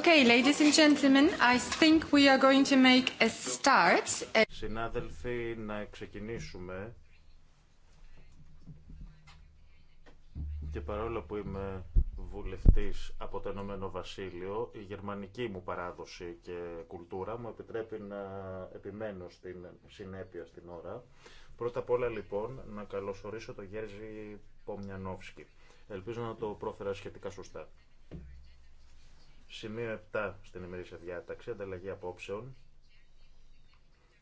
I Συνάδελφοι, να ξεκινήσουμε. Και παρόλο που είμαι βουλευτής από το Ενωμένο Βασίλειο, η γερμανική μου παράδοση και κουλτούρα μου επιτρέπει να επιμένω στην συνέπεια στην ώρα. Πρώτα απ' όλα λοιπόν να καλωσορίσω τον Γέρζη Πομιανόφσκι. Ελπίζω να το πρόφερα σχετικά σωστά. Σημείο 7 στην ημερήσια διάταξη, ανταλλαγή απόψεων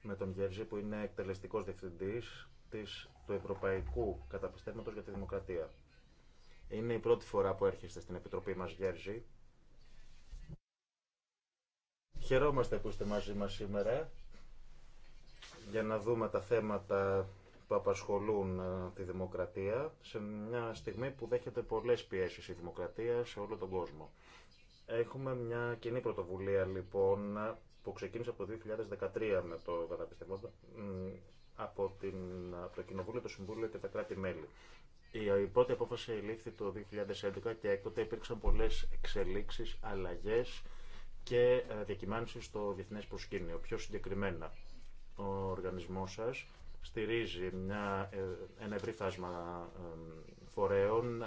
με τον Γέρζη που είναι εκτελεστικός διευθυντής της, του Ευρωπαϊκού Καταπιστεύματος για τη Δημοκρατία. Είναι η πρώτη φορά που έρχεστε στην Επιτροπή μας Γέρζη. Χαιρόμαστε που είστε μαζί μας σήμερα για να δούμε τα θέματα που απασχολούν ε, τη δημοκρατία σε μια στιγμή που δέχεται πολλές πιέσεις η δημοκρατία σε όλο τον κόσμο. Έχουμε μια κοινή πρωτοβουλία λοιπόν που ξεκίνησε από το 2013 με το καταπιστευμό από, την, το Κοινοβούλιο, το Συμβούλιο και τα κράτη-μέλη. Η πρώτη απόφαση λήφθη το 2011 και έκτοτε υπήρξαν πολλές εξελίξεις, αλλαγές και ε, διακυμάνσεις στο διεθνές προσκήνιο. Πιο συγκεκριμένα, ο οργανισμός σας στηρίζει μια, ε, ένα ευρύ φάσμα ε, φορέων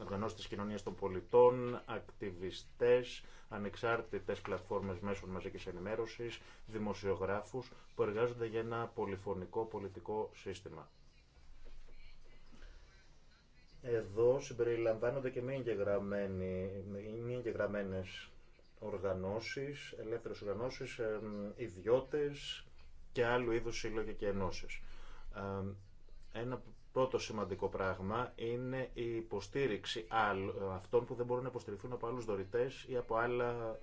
οργανώσει τη κοινωνίας των πολιτών, ακτιβιστές, ανεξάρτητες πλατφόρμες μέσων μαζικής ενημέρωσης, δημοσιογράφους που εργάζονται για ένα πολυφωνικό πολιτικό σύστημα. Εδώ συμπεριλαμβάνονται και μη εγγεγραμμένες οργανώσεις, ελεύθερες οργανώσεις, ιδιώτες και άλλου είδου σύλλογοι και ενώσει. Ε, ένα πρώτο σημαντικό πράγμα είναι η υποστήριξη αυτών που δεν μπορούν να υποστηριχθούν από άλλους δωρητές ή από άλλα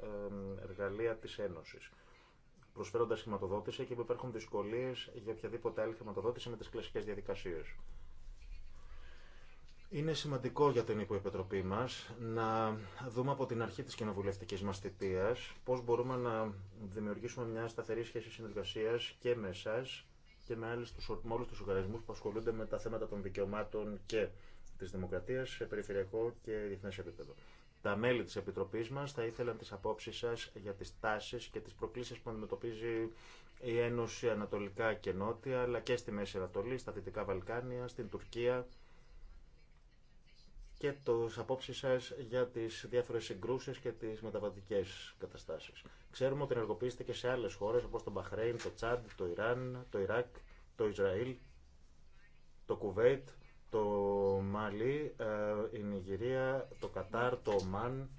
εργαλεία της Ένωσης. Προσφέροντας χρηματοδότηση και που υπάρχουν δυσκολίες για οποιαδήποτε άλλη χρηματοδότηση με τις κλασικές διαδικασίες. Είναι σημαντικό για την υποεπιτροπή μας να δούμε από την αρχή της κοινοβουλευτικής μας θητείας πώς μπορούμε να δημιουργήσουμε μια σταθερή σχέση συνεργασίας και με και με, άλλους, του όλους τους οργανισμούς που ασχολούνται με τα θέματα των δικαιωμάτων και της δημοκρατίας σε περιφερειακό και διεθνέ επίπεδο. Τα μέλη της Επιτροπής μας θα ήθελαν τις απόψεις σας για τις τάσεις και τις προκλήσεις που αντιμετωπίζει η Ένωση Ανατολικά και Νότια, αλλά και στη Μέση Ανατολή, στα Δυτικά Βαλκάνια, στην Τουρκία, και το απόψεις σας για τις διάφορες συγκρούσεις και τις μεταβατικές καταστάσεις. Ξέρουμε ότι ενεργοποιήσετε και σε άλλες χώρες όπως το Μπαχρέιν, το Τσάντ, το Ιράν, το Ιράκ, το Ισραήλ, το Κουβέιτ, το Μαλί, ε, η Νιγηρία, το Κατάρ, το Ομάν,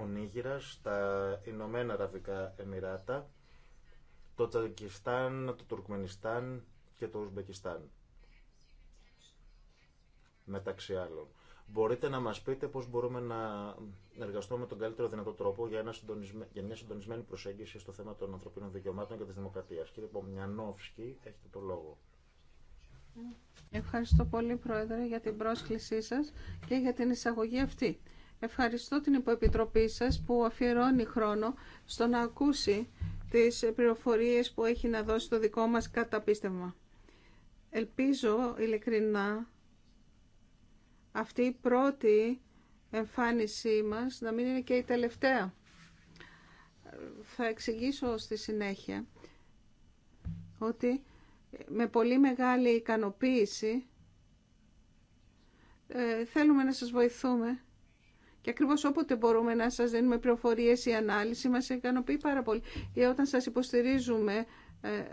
ο Νίγηρας, τα Ηνωμένα Αραβικά Εμμυράτα, το Τζαγκιστάν, το Τουρκμενιστάν και το Ουσμπεκιστάν μεταξύ άλλων. Μπορείτε να μας πείτε πώς μπορούμε να εργαστούμε τον καλύτερο δυνατό τρόπο για, ένα για μια συντονισμένη προσέγγιση στο θέμα των ανθρωπίνων δικαιωμάτων και της δημοκρατίας. Κύριε Πομιανόφσκι, έχετε το λόγο. Ευχαριστώ πολύ, Πρόεδρε, για την πρόσκλησή σας και για την εισαγωγή αυτή. Ευχαριστώ την υποεπιτροπή σας που αφιερώνει χρόνο στο να ακούσει τις πληροφορίες που έχει να δώσει το δικό μας καταπίστευμα. Ελπίζω ειλικρινά αυτή η πρώτη εμφάνισή μας να μην είναι και η τελευταία. Θα εξηγήσω στη συνέχεια ότι με πολύ μεγάλη ικανοποίηση ε, θέλουμε να σας βοηθούμε και ακριβώς όποτε μπορούμε να σας δίνουμε πληροφορίες, η ανάλυση μας ικανοποιεί πάρα πολύ. Ή όταν σας υποστηρίζουμε ε,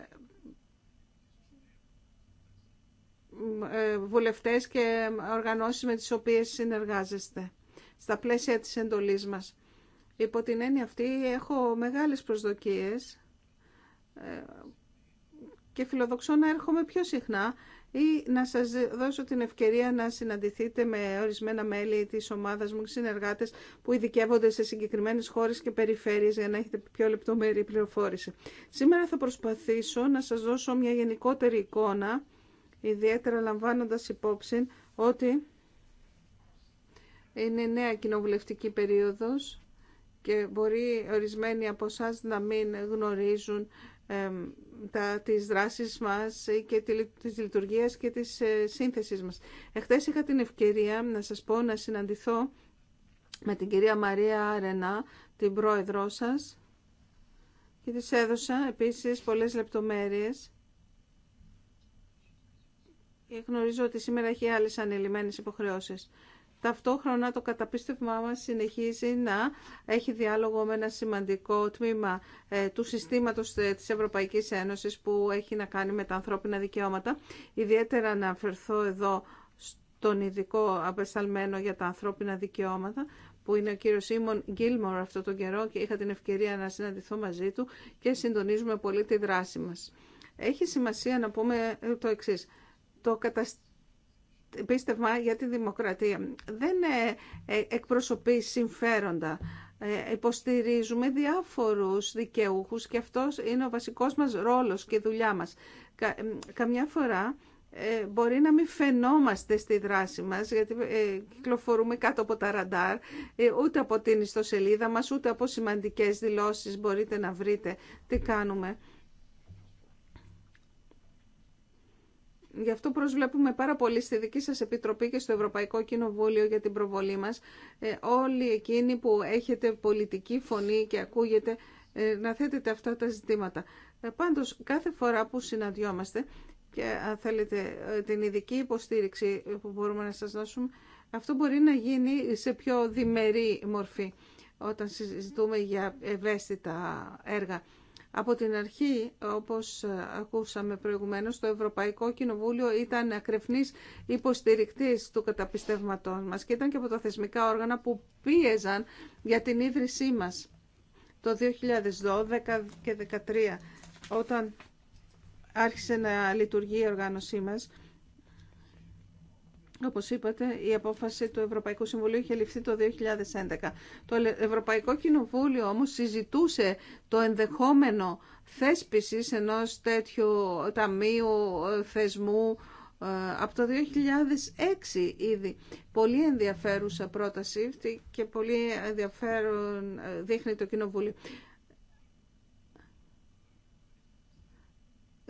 Ε, βουλευτές και οργανώσεις με τις οποίες συνεργάζεστε στα πλαίσια της εντολής μας. Υπό την έννοια αυτή έχω μεγάλες προσδοκίες ε, και φιλοδοξώ να έρχομαι πιο συχνά ή να σας δώσω την ευκαιρία να συναντηθείτε με ορισμένα μέλη της ομάδας μου, συνεργάτες που ειδικεύονται σε συγκεκριμένες χώρες και περιφέρειες για να έχετε πιο λεπτομερή πληροφόρηση. Σήμερα θα προσπαθήσω να σας δώσω μια γενικότερη εικόνα ιδιαίτερα λαμβάνοντας υπόψη ότι είναι νέα κοινοβουλευτική περίοδος και μπορεί ορισμένοι από εσά να μην γνωρίζουν τα, τις δράσεις μας και τη, της λειτουργίας και της ε, σύνθεσης μας. Εχθές είχα την ευκαιρία να σας πω να συναντηθώ με την κυρία Μαρία Αρενά, την πρόεδρό σας, και της έδωσα επίσης πολλές λεπτομέρειες γνωρίζω ότι σήμερα έχει άλλες ανελημμένες υποχρεώσεις. Ταυτόχρονα το καταπίστευμά μας συνεχίζει να έχει διάλογο με ένα σημαντικό τμήμα ε, του συστήματος ε, της Ευρωπαϊκής Ένωσης που έχει να κάνει με τα ανθρώπινα δικαιώματα. Ιδιαίτερα να αφαιρθώ εδώ στον ειδικό απεσταλμένο για τα ανθρώπινα δικαιώματα που είναι ο κύριος Σίμων Γκίλμορ αυτό τον καιρό και είχα την ευκαιρία να συναντηθώ μαζί του και συντονίζουμε πολύ τη δράση μας. Έχει σημασία να πούμε το εξής το καταπίστευμα για τη δημοκρατία. Δεν ε, ε, εκπροσωπεί συμφέροντα. Ε, υποστηρίζουμε διάφορους δικαιούχους και αυτός είναι ο βασικός μας ρόλος και δουλειά μας. Καμιά φορά μπορεί να μην φαινόμαστε στη δράση μας, γιατί κυκλοφορούμε κάτω από τα ραντάρ, ούτε από την ιστοσελίδα μας, ούτε από σημαντικές δηλώσεις μπορείτε να βρείτε τι κάνουμε. Γι' αυτό προσβλέπουμε πάρα πολύ στη δική σας Επιτροπή και στο Ευρωπαϊκό Κοινοβούλιο για την προβολή μας. Ε, όλοι εκείνοι που έχετε πολιτική φωνή και ακούγεται ε, να θέτετε αυτά τα ζητήματα. Ε, πάντως, κάθε φορά που συναντιόμαστε και αν θέλετε ε, την ειδική υποστήριξη που μπορούμε να σας δώσουμε, αυτό μπορεί να γίνει σε πιο διμερή μορφή όταν συζητούμε για ευαίσθητα έργα. Από την αρχή, όπως ακούσαμε προηγουμένως, το Ευρωπαϊκό Κοινοβούλιο ήταν ακρεφνής υποστηρικτής του καταπιστεύματός μας και ήταν και από τα θεσμικά όργανα που πίεζαν για την ίδρυσή μας το 2012 και 2013, όταν άρχισε να λειτουργεί η οργάνωσή μας όπως είπατε, η απόφαση του Ευρωπαϊκού Συμβουλίου είχε ληφθεί το 2011. Το Ευρωπαϊκό Κοινοβούλιο όμως συζητούσε το ενδεχόμενο θέσπισης ενός τέτοιου ταμείου ε, θεσμού ε, από το 2006 ήδη. Πολύ ενδιαφέρουσα πρόταση και πολύ ενδιαφέρον ε, δείχνει το Κοινοβούλιο.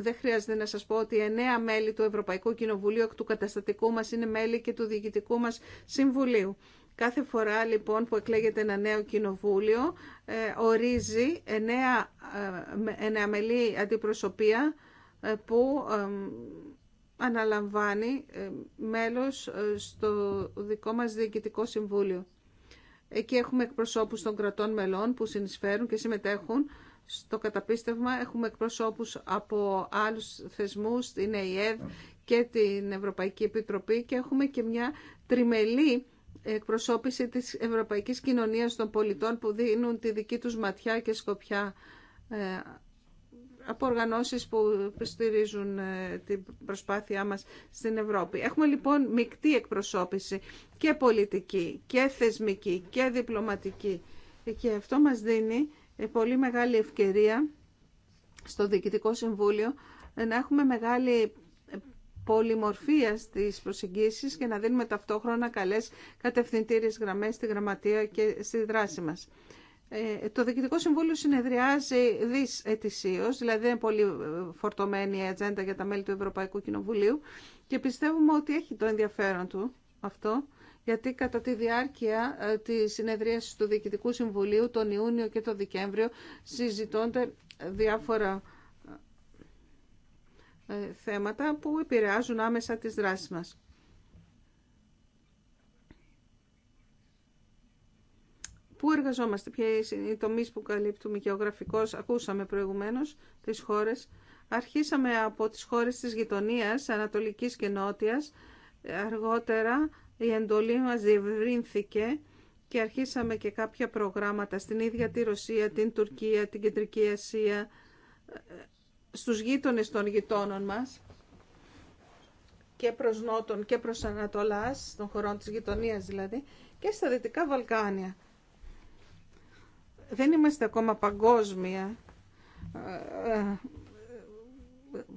δεν χρειάζεται να σας πω ότι εννέα μέλη του Ευρωπαϊκού Κοινοβουλίου του καταστατικού μας είναι μέλη και του Διοικητικού μας Συμβουλίου. Κάθε φορά λοιπόν που εκλέγεται ένα νέο κοινοβούλιο ε, ορίζει εννέα, ε, εννέα μελή αντιπροσωπεία ε, που αναλαμβάνει μέλος στο δικό μας Διοικητικό Συμβούλιο. Εκεί έχουμε εκπροσώπους των κρατών μελών που συνεισφέρουν και συμμετέχουν στο καταπίστευμα έχουμε εκπροσώπους από άλλους θεσμούς, την ΕΕ και την Ευρωπαϊκή Επιτροπή και έχουμε και μια τριμελή εκπροσώπηση της Ευρωπαϊκής Κοινωνίας των Πολιτών που δίνουν τη δική τους ματιά και σκοπιά ε, από οργανώσεις που στηρίζουν ε, την προσπάθειά μας στην Ευρώπη. Έχουμε λοιπόν μεικτή εκπροσώπηση και πολιτική και θεσμική και διπλωματική και αυτό μας δίνει ε, πολύ μεγάλη ευκαιρία στο Διοικητικό Συμβούλιο να έχουμε μεγάλη πολυμορφία στις προσεγγίσεις και να δίνουμε ταυτόχρονα καλές κατευθυντήριες γραμμές στη γραμματεία και στη δράση μας. Ε, το Διοικητικό Συμβούλιο συνεδριάζει δις ετησίως, δηλαδή είναι πολύ φορτωμένη η ατζέντα για τα μέλη του Ευρωπαϊκού Κοινοβουλίου και πιστεύουμε ότι έχει το ενδιαφέρον του αυτό γιατί κατά τη διάρκεια ε, της συνεδρίασης του Διοικητικού Συμβουλίου τον Ιούνιο και τον Δεκέμβριο συζητώνται διάφορα ε, θέματα που επηρεάζουν άμεσα τις δράσεις μας. Πού εργαζόμαστε, ποιε είναι οι τομείς που καλύπτουμε γεωγραφικώς, ακούσαμε προηγουμένως τις χώρες. Αρχίσαμε από τις χώρες της γειτονίας, Ανατολικής και Νότιας, αργότερα η εντολή μας διευρύνθηκε και αρχίσαμε και κάποια προγράμματα στην ίδια τη Ρωσία, την Τουρκία, την Κεντρική Ασία, στους γείτονες των γειτόνων μας και προς Νότον και προς Ανατολάς, των χωρών της γειτονίας δηλαδή, και στα Δυτικά Βαλκάνια. Δεν είμαστε ακόμα παγκόσμια ε, ε,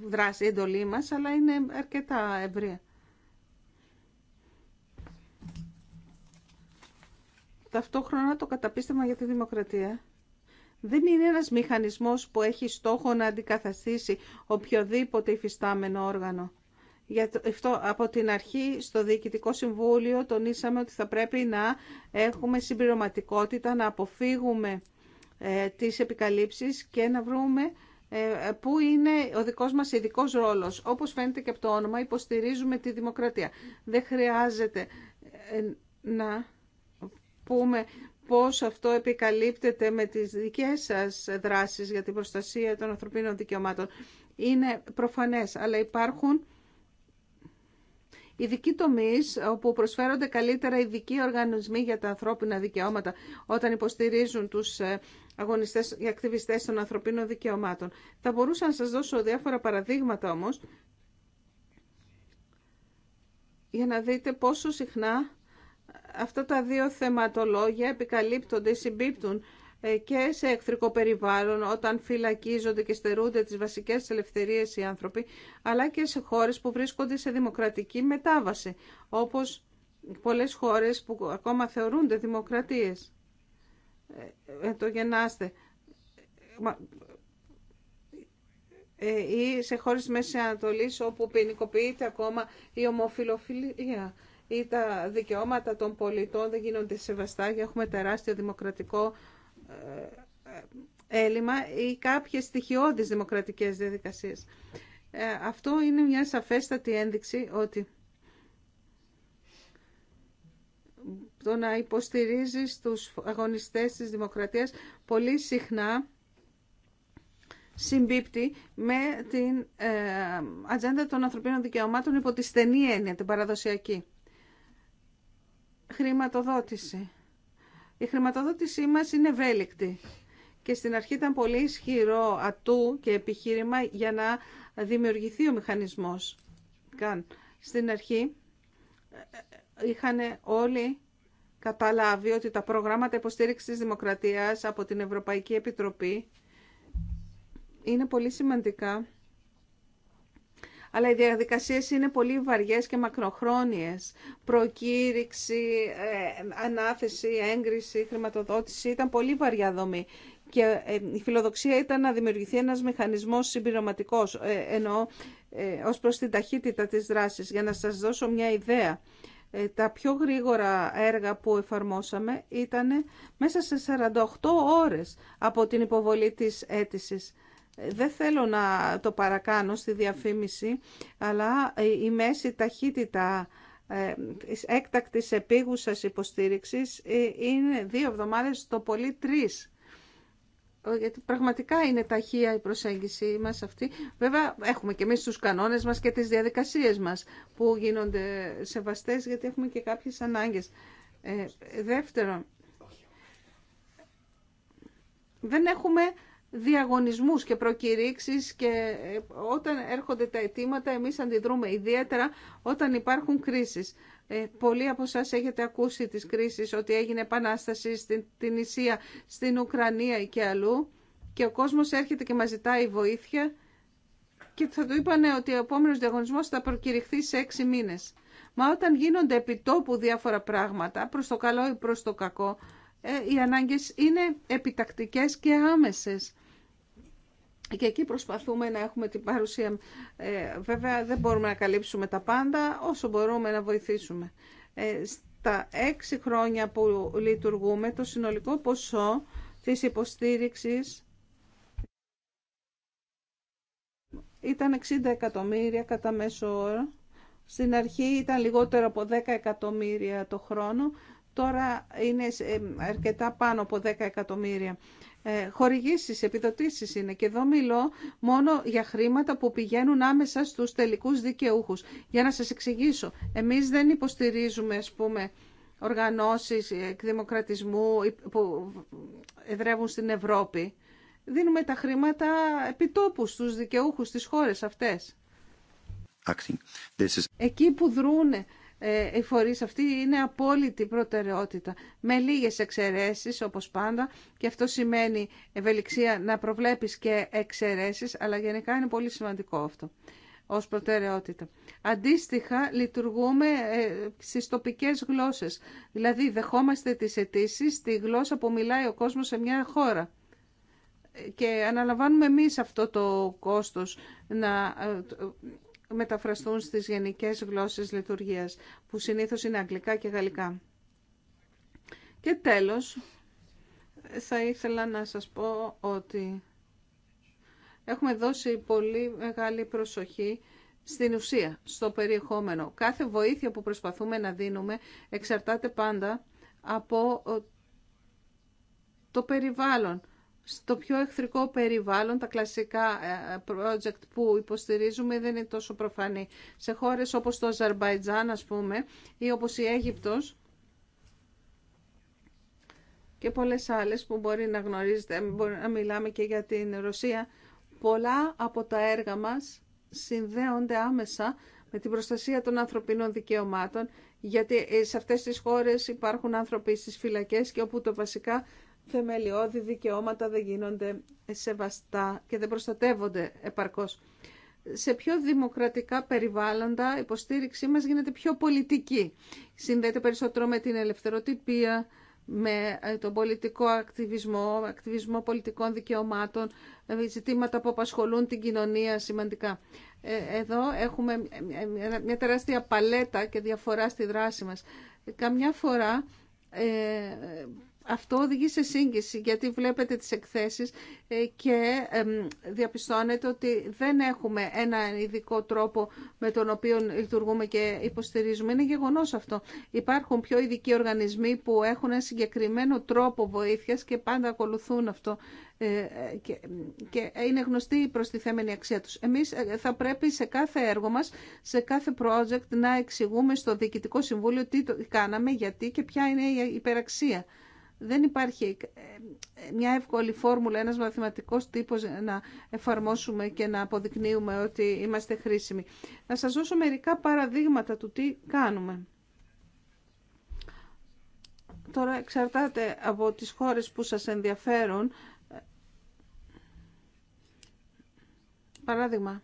δράση εντολή μας, αλλά είναι αρκετά ευρία. ταυτόχρονα το καταπίστευμα για τη δημοκρατία δεν είναι ένας μηχανισμός που έχει στόχο να αντικαθαστήσει οποιοδήποτε υφιστάμενο όργανο. Για αυτό, από την αρχή στο Διοικητικό Συμβούλιο τονίσαμε ότι θα πρέπει να έχουμε συμπληρωματικότητα, να αποφύγουμε ε, τις επικαλύψεις και να βρούμε ε, που είναι ο δικός μας ειδικό ρόλος. Όπως φαίνεται και από το όνομα, υποστηρίζουμε τη δημοκρατία. Δεν χρειάζεται ε, να πούμε πώς αυτό επικαλύπτεται με τις δικές σας δράσεις για την προστασία των ανθρωπίνων δικαιωμάτων. Είναι προφανές, αλλά υπάρχουν ειδικοί τομεί όπου προσφέρονται καλύτερα ειδικοί οργανισμοί για τα ανθρώπινα δικαιώματα όταν υποστηρίζουν τους ε, αγωνιστές και ακτιβιστές των ανθρωπίνων δικαιωμάτων. Θα μπορούσα να σας δώσω διάφορα παραδείγματα όμως για να δείτε πόσο συχνά αυτά τα δύο θεματολόγια επικαλύπτονται, συμπίπτουν ε, και σε εχθρικό περιβάλλον όταν φυλακίζονται και στερούνται τις βασικές ελευθερίες οι άνθρωποι αλλά και σε χώρες που βρίσκονται σε δημοκρατική μετάβαση όπως πολλές χώρες που ακόμα θεωρούνται δημοκρατίες. Ε, ε το γεννάστε. η ομοφιλοφιλία ή τα δικαιώματα των πολιτών δεν γίνονται σεβαστά και έχουμε τεράστιο δημοκρατικό ε, ε, έλλειμμα ή κάποιες στοιχειώδεις δημοκρατικές διαδικασίες. Ε, αυτό είναι μια σαφέστατη ένδειξη ότι το να υποστηρίζεις τους αγωνιστές της δημοκρατίας πολύ συχνά συμπίπτει με την ε, ατζέντα των ανθρωπίνων δικαιωμάτων υπό τη στενή έννοια, την παραδοσιακή χρηματοδότηση. Η χρηματοδότησή μας είναι ευέλικτη και στην αρχή ήταν πολύ ισχυρό ατού και επιχείρημα για να δημιουργηθεί ο μηχανισμός. Στην αρχή ε, ε, είχαν όλοι καταλάβει ότι τα προγράμματα υποστήριξης της δημοκρατίας από την Ευρωπαϊκή Επιτροπή είναι πολύ σημαντικά αλλά οι διαδικασίες είναι πολύ βαριές και μακροχρόνιες. Προκήρυξη, ε, ανάθεση, έγκριση, χρηματοδότηση ήταν πολύ βαριά δομή και ε, η φιλοδοξία ήταν να δημιουργηθεί ένας μηχανισμός συμπληρωματικός, ε, ενώ ως προς την ταχύτητα της δράσης. Για να σας δώσω μια ιδέα, τα πιο γρήγορα έργα που εφαρμόσαμε ήταν μέσα σε 48 ώρες από την υποβολή της αίτησης. Δεν θέλω να το παρακάνω στη διαφήμιση, αλλά η μέση ταχύτητα της ε, έκτακτης επίγουσας υποστήριξης ε, είναι δύο εβδομάδες, το πολύ τρεις. Γιατί πραγματικά είναι ταχεία η προσέγγιση μας αυτή. Βέβαια έχουμε και εμείς τους κανόνες μας και τις διαδικασίες μας που γίνονται σεβαστές γιατί έχουμε και κάποιες ανάγκες. Ε, δεύτερον, δεν έχουμε διαγωνισμούς και προκηρύξεις και ε, όταν έρχονται τα αιτήματα εμείς αντιδρούμε ιδιαίτερα όταν υπάρχουν κρίσεις. Ε, πολλοί από εσά έχετε ακούσει τις κρίσεις ότι έγινε επανάσταση στην Ισία, στην Ουκρανία και αλλού και ο κόσμος έρχεται και μας ζητάει βοήθεια και θα του είπανε ότι ο επόμενος διαγωνισμός θα προκηρυχθεί σε έξι μήνες. Μα όταν γίνονται επιτόπου διάφορα πράγματα, προς το καλό ή προς το κακό, ε, οι ανάγκες είναι επιτακτικές και άμεσες και εκεί προσπαθούμε να έχουμε την παρουσία. Ε, βέβαια δεν μπορούμε να καλύψουμε τα πάντα, όσο μπορούμε να βοηθήσουμε. Ε, στα έξι χρόνια που λειτουργούμε, το συνολικό ποσό της υποστήριξης ήταν 60 εκατομμύρια κατά μέσο όρο. Στην αρχή ήταν λιγότερο από 10 εκατομμύρια το χρόνο, τώρα είναι ε, αρκετά πάνω από 10 εκατομμύρια. Ε, χορηγήσεις, επιδοτήσεις είναι και εδώ μιλώ μόνο για χρήματα που πηγαίνουν άμεσα στους τελικούς δικαιούχους. Για να σας εξηγήσω, εμείς δεν υποστηρίζουμε ας πούμε οργανώσεις εκδημοκρατισμού που εδρεύουν στην Ευρώπη. Δίνουμε τα χρήματα επιτόπου στους δικαιούχους στις χώρες αυτές. Εκεί που δρούνε ε, οι φορείς αυτοί είναι απόλυτη προτεραιότητα, με λίγες εξαιρέσεις όπως πάντα και αυτό σημαίνει ευελιξία να προβλέπεις και εξαιρέσεις, αλλά γενικά είναι πολύ σημαντικό αυτό ως προτεραιότητα. Αντίστοιχα, λειτουργούμε ε, στις τοπικές γλώσσες. Δηλαδή, δεχόμαστε τις αιτήσει στη γλώσσα που μιλάει ο κόσμος σε μια χώρα. Και αναλαμβάνουμε εμείς αυτό το κόστος να ε, μεταφραστούν στις γενικές γλώσσες λειτουργίας, που συνήθως είναι αγγλικά και γαλλικά. Και τέλος, θα ήθελα να σας πω ότι έχουμε δώσει πολύ μεγάλη προσοχή στην ουσία, στο περιεχόμενο. Κάθε βοήθεια που προσπαθούμε να δίνουμε εξαρτάται πάντα από το περιβάλλον στο πιο εχθρικό περιβάλλον τα κλασικά ε, project που υποστηρίζουμε δεν είναι τόσο προφανή. Σε χώρες όπως το Αζερμπαϊτζάν ας πούμε ή όπως η Αίγυπτος και πολλές άλλες που μπορεί να γνωρίζετε, μπορεί να μιλάμε και για την Ρωσία, πολλά από τα έργα μας συνδέονται άμεσα με την προστασία των ανθρωπίνων δικαιωμάτων, γιατί ε, σε αυτές τις χώρες υπάρχουν άνθρωποι στις φυλακές και όπου το βασικά θεμελιώδη δικαιώματα δεν γίνονται σεβαστά και δεν προστατεύονται επαρκώς. Σε πιο δημοκρατικά περιβάλλοντα η υποστήριξή μας γίνεται πιο πολιτική. Συνδέεται περισσότερο με την ελευθεροτυπία, με ε, τον πολιτικό ακτιβισμό, ακτιβισμό πολιτικών δικαιωμάτων, ε, ζητήματα που απασχολούν την κοινωνία σημαντικά. Ε, εδώ έχουμε μια τεράστια παλέτα και διαφορά στη δράση μας. Καμιά φορά αυτό οδηγεί σε σύγκριση γιατί βλέπετε τις εκθέσεις ε, και διαπιστώνετε ότι δεν έχουμε ένα ειδικό τρόπο με τον οποίο λειτουργούμε και υποστηρίζουμε. Είναι γεγονός αυτό. Υπάρχουν πιο ειδικοί οργανισμοί που έχουν ένα συγκεκριμένο τρόπο βοήθειας και πάντα ακολουθούν αυτό ε, και είναι γνωστή η προστιθέμενη αξία τους. Εμείς ε, θα πρέπει σε κάθε έργο μας, σε κάθε project να εξηγούμε στο Διοικητικό Συμβούλιο τι κάναμε, γιατί και ποια είναι η υπεραξία δεν υπάρχει ε, μια εύκολη φόρμουλα, ένας μαθηματικός τύπος να εφαρμόσουμε και να αποδεικνύουμε ότι είμαστε χρήσιμοι. Να σας δώσω μερικά παραδείγματα του τι κάνουμε. Τώρα εξαρτάται από τις χώρες που σας ενδιαφέρουν. Παράδειγμα,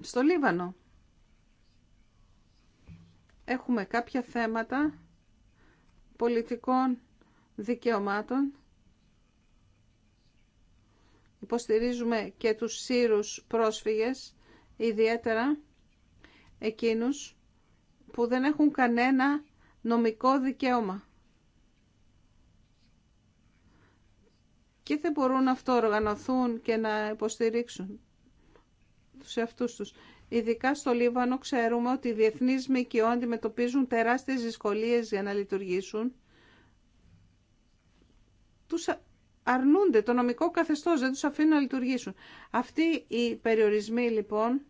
στο Λίβανο έχουμε κάποια θέματα πολιτικών δικαιωμάτων. Υποστηρίζουμε και τους σύρους πρόσφυγες, ιδιαίτερα εκείνους που δεν έχουν κανένα νομικό δικαίωμα. Και δεν μπορούν να αυτοοργανωθούν και να υποστηρίξουν τους εαυτούς τους. Ειδικά στο Λίβανο ξέρουμε ότι οι διεθνείς ΜΚΟ αντιμετωπίζουν τεράστιες δυσκολίες για να λειτουργήσουν. Τους αρνούνται το νομικό καθεστώς, δεν τους αφήνουν να λειτουργήσουν. Αυτοί οι περιορισμοί λοιπόν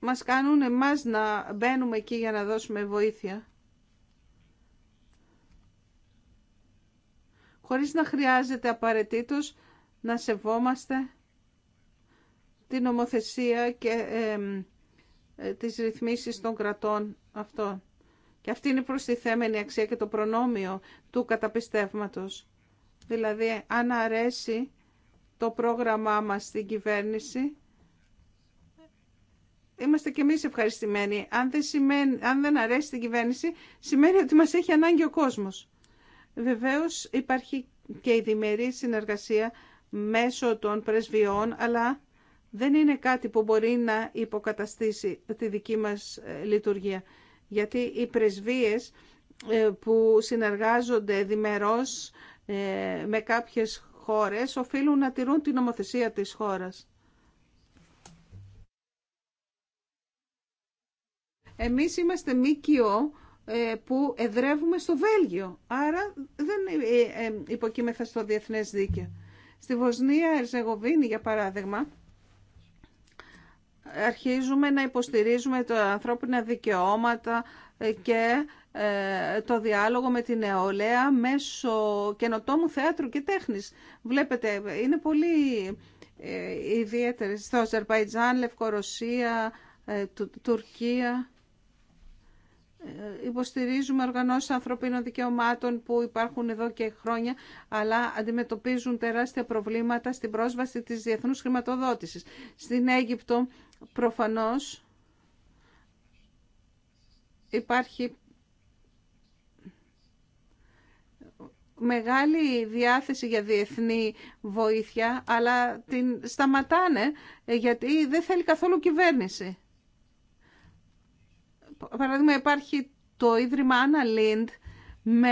μας κάνουν εμάς να μπαίνουμε εκεί για να δώσουμε βοήθεια. χωρίς να χρειάζεται απαραίτητος να σεβόμαστε την νομοθεσία και ε, ε, τις ρυθμίσεις των κρατών αυτών. Και αυτή είναι η προστιθέμενη αξία και το προνόμιο του καταπιστεύματος. Δηλαδή, αν αρέσει το πρόγραμμά μας στην κυβέρνηση, είμαστε και εμείς ευχαριστημένοι. Αν δεν, σημαίνει, αν δεν αρέσει την κυβέρνηση, σημαίνει ότι μας έχει ανάγκη ο κόσμος. Βεβαίως υπάρχει και η διμερή συνεργασία μέσω των πρεσβειών, αλλά δεν είναι κάτι που μπορεί να υποκαταστήσει τη δική μας ε, λειτουργία. Γιατί οι πρεσβείες ε, που συνεργάζονται διμερώς ε, με κάποιες χώρες οφείλουν να τηρούν την νομοθεσία της χώρας. Εμείς είμαστε ΜΚΟ ε, που εδρεύουμε στο Βέλγιο. Άρα δεν ε, ε, υποκείμεθα στο διεθνές δίκαιο. Στη Βοσνία, Ερζεγοβίνη, για παράδειγμα, αρχίζουμε να υποστηρίζουμε τα ανθρώπινα δικαιώματα και το διάλογο με την νεολαία μέσω καινοτόμου θεάτρου και τέχνης. Βλέπετε, είναι πολύ ιδιαίτερες. Στο Αζερβαϊτζάν, Λευκορωσία, Τουρκία Υποστηρίζουμε οργανώσεις ανθρωπίνων δικαιωμάτων που υπάρχουν εδώ και χρόνια, αλλά αντιμετωπίζουν τεράστια προβλήματα στην πρόσβαση της διεθνούς χρηματοδότησης. Στην Αίγυπτο, προφανώς, υπάρχει μεγάλη διάθεση για διεθνή βοήθεια, αλλά την σταματάνε γιατί δεν θέλει καθόλου κυβέρνηση. Παράδειγμα υπάρχει το Ίδρυμα Άννα με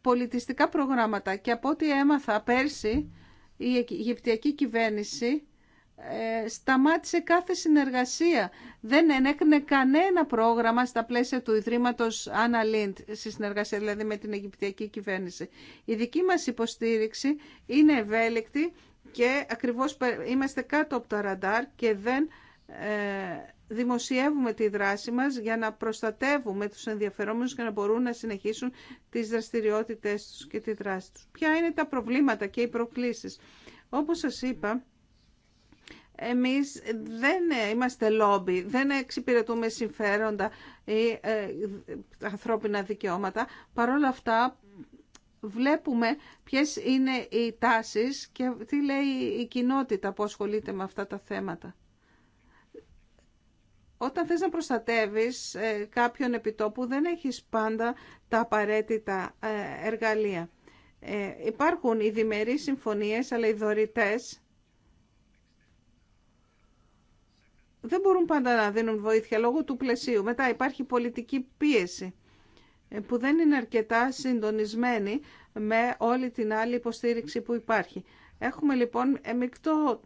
πολιτιστικά προγράμματα και από ό,τι έμαθα πέρσι η Αιγυπτιακή κυβέρνηση ε, σταμάτησε κάθε συνεργασία. Δεν ενέκρινε κανένα πρόγραμμα στα πλαίσια του Ιδρύματος Άννα στη συνεργασία δηλαδή με την Αιγυπτιακή κυβέρνηση. Η δική μας υποστήριξη είναι ευέλικτη και ακριβώς είμαστε κάτω από τα ραντάρ και δεν ε, δημοσιεύουμε τη δράση μας για να προστατεύουμε τους ενδιαφερόμενους και να μπορούν να συνεχίσουν τις δραστηριότητες τους και τη δράση τους. Ποια είναι τα προβλήματα και οι προκλήσεις. Όπως σας είπα, εμείς δεν είμαστε λόμπι, δεν εξυπηρετούμε συμφέροντα ή ε, ανθρώπινα δικαιώματα. Παρ' όλα αυτά βλέπουμε ποιες είναι οι τάσεις και τι λέει η κοινότητα που ασχολείται με αυτά τα θέματα. Όταν θες να προστατεύεις ε, κάποιον επιτόπου δεν έχεις πάντα τα απαραίτητα ε, εργαλεία. Ε, υπάρχουν οι διμερείς συμφωνίες, αλλά οι δωρητές δεν μπορούν πάντα να δίνουν βοήθεια λόγω του πλαισίου. Μετά υπάρχει πολιτική πίεση που δεν είναι αρκετά συντονισμένη με όλη την άλλη υποστήριξη που υπάρχει. Έχουμε λοιπόν εμικτό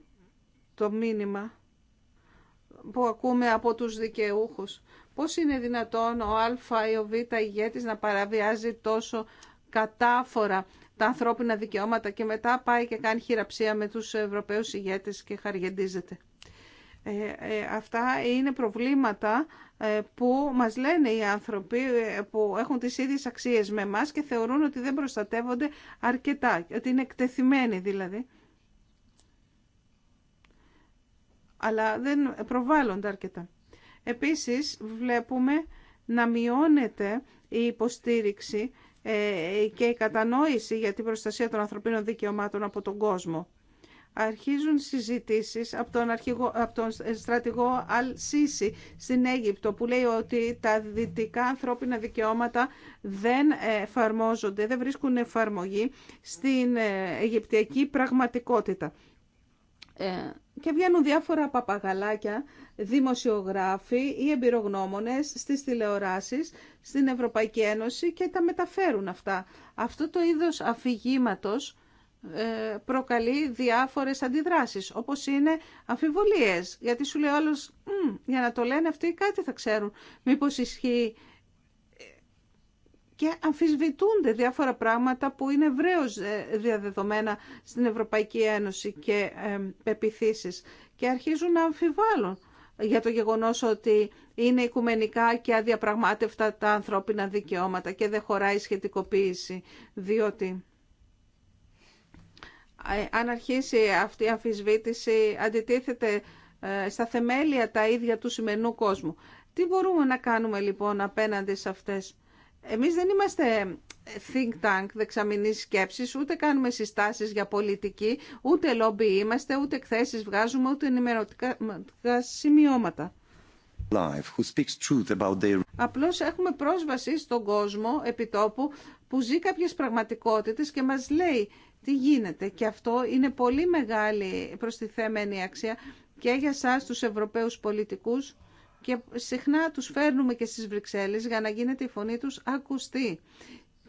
το μήνυμα που ακούμε από τους δικαιούχους. Πώς είναι δυνατόν ο Α ή ο Β ηγέτης να παραβιάζει τόσο κατάφορα τα ανθρώπινα δικαιώματα και μετά πάει και κάνει χειραψία με τους Ευρωπαίους ηγέτες και χαριεντίζεται. Ε, ε, αυτά είναι προβλήματα ε, που μας λένε οι άνθρωποι που έχουν τις ίδιες αξίες με μας και θεωρούν ότι δεν προστατεύονται αρκετά, ότι είναι εκτεθειμένοι δηλαδή. αλλά δεν προβάλλονται αρκετά. Επίσης βλέπουμε να μειώνεται η υποστήριξη ε, και η κατανόηση για την προστασία των ανθρωπίνων δικαιωμάτων από τον κόσμο. Αρχίζουν συζητήσεις από τον, αρχηγό, από τον στρατηγό Αλ Σίση στην Αίγυπτο που λέει ότι τα δυτικά ανθρώπινα δικαιώματα δεν εφαρμόζονται, δεν βρίσκουν εφαρμογή στην ε, Αιγυπτιακή πραγματικότητα. Ε, και βγαίνουν διάφορα παπαγαλάκια, δημοσιογράφοι ή εμπειρογνώμονες στις τηλεοράσεις, στην Ευρωπαϊκή Ένωση και τα μεταφέρουν αυτά. Αυτό το είδος αφηγήματο ε, προκαλεί διάφορες αντιδράσεις, όπως είναι αμφιβολίες, γιατί σου λέει όλος, για να το λένε αυτοί κάτι θα ξέρουν. Μήπως ισχύει και αμφισβητούνται διάφορα πράγματα που είναι ευρέως ε, διαδεδομένα στην Ευρωπαϊκή Ένωση και ε, πεπιθήσεις και αρχίζουν να αμφιβάλλουν για το γεγονός ότι είναι οικουμενικά και αδιαπραγμάτευτα τα ανθρώπινα δικαιώματα και δεν χωράει σχετικοποίηση, διότι ε, αν αρχίσει αυτή η αμφισβήτηση αντιτίθεται στα θεμέλια τα ίδια του σημερινού κόσμου. Τι μπορούμε να κάνουμε λοιπόν απέναντι σε αυτές εμείς δεν είμαστε think tank δεξαμενής σκέψης, ούτε κάνουμε συστάσεις για πολιτική, ούτε λόμπι είμαστε, ούτε εκθέσεις βγάζουμε, ούτε ενημερωτικά σημειώματα. Life, Απλώς έχουμε πρόσβαση στον κόσμο επιτόπου που ζει κάποιες πραγματικότητες και μας λέει τι γίνεται. Και αυτό είναι πολύ μεγάλη προστιθέμενη αξία και για σας τους Ευρωπαίους πολιτικούς και συχνά τους φέρνουμε και στις Βρυξέλλες για να γίνεται η φωνή τους ακουστή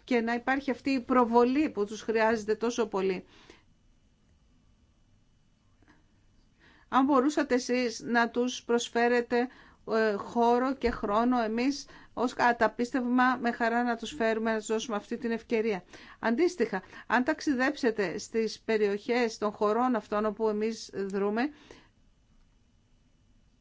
και να υπάρχει αυτή η προβολή που τους χρειάζεται τόσο πολύ. Αν μπορούσατε εσείς να τους προσφέρετε ε, χώρο και χρόνο εμείς ως καταπίστευμα με χαρά να τους φέρουμε να τους δώσουμε αυτή την ευκαιρία. Αντίστοιχα, αν ταξιδέψετε στις περιοχές των χωρών αυτών όπου εμείς δρούμε,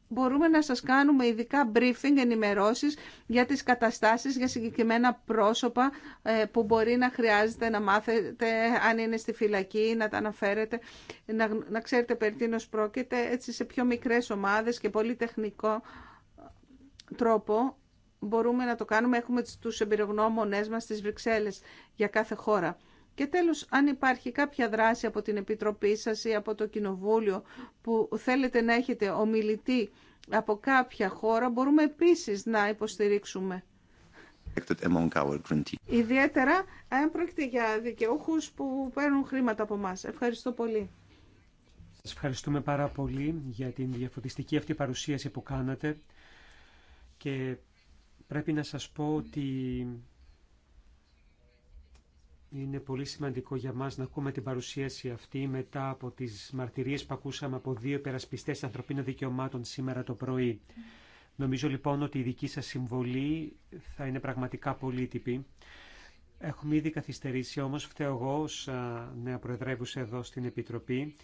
μπορούμε να σας κάνουμε ειδικά briefing, ενημερώσεις για τις καταστάσεις, για συγκεκριμένα πρόσωπα ε, που μπορεί να χρειάζεται να μάθετε αν είναι στη φυλακή, να τα αναφέρετε, να, να ξέρετε περί τίνος πρόκειται, έτσι σε πιο μικρές ομάδες και πολύ τεχνικό ε, τρόπο μπορούμε να το κάνουμε. Έχουμε τους εμπειρογνώμονές μας στις Βρυξέλλες για κάθε χώρα. Και τέλος, αν υπάρχει κάποια δράση από την Επιτροπή σας ή από το Κοινοβούλιο που θέλετε να έχετε ομιλητή από κάποια χώρα, μπορούμε επίσης να υποστηρίξουμε. Ιδιαίτερα αν πρόκειται για δικαιούχους που παίρνουν χρήματα από εμά. Ευχαριστώ πολύ. Σας ευχαριστούμε πάρα πολύ για την διαφωτιστική αυτή παρουσίαση που κάνατε και πρέπει να σας πω ότι είναι πολύ σημαντικό για μας να ακούμε την παρουσίαση αυτή μετά από τις μαρτυρίες που ακούσαμε από δύο υπερασπιστές ανθρωπίνων δικαιωμάτων σήμερα το πρωί. Νομίζω λοιπόν ότι η δική σας συμβολή θα είναι πραγματικά πολύτυπη. Έχουμε ήδη καθυστερήσει, όμως φταίω εγώ ως νέα προεδρεύουσα εδώ στην Επιτροπή.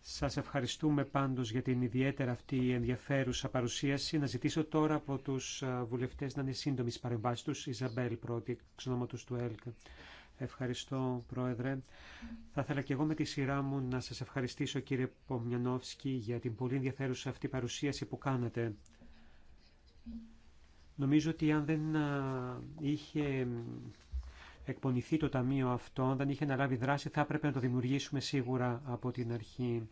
Σας ευχαριστούμε πάντως για την ιδιαίτερα αυτή ενδιαφέρουσα παρουσίαση. Να ζητήσω τώρα από τους βουλευτές να είναι σύντομοι στις παρεμβάσεις τους. Ιζαμπέλ πρώτη, ξενόματος του ΕΛΚ. Ευχαριστώ, Πρόεδρε. Θα ήθελα και εγώ με τη σειρά μου να σας ευχαριστήσω, κύριε Πομιανόφσκι, για την πολύ ενδιαφέρουσα αυτή παρουσίαση που κάνατε. Νομίζω ότι αν δεν είχε εκπονηθεί το Ταμείο αυτό, αν δεν είχε αναλάβει δράση, θα έπρεπε να το δημιουργήσουμε σίγουρα από την αρχή.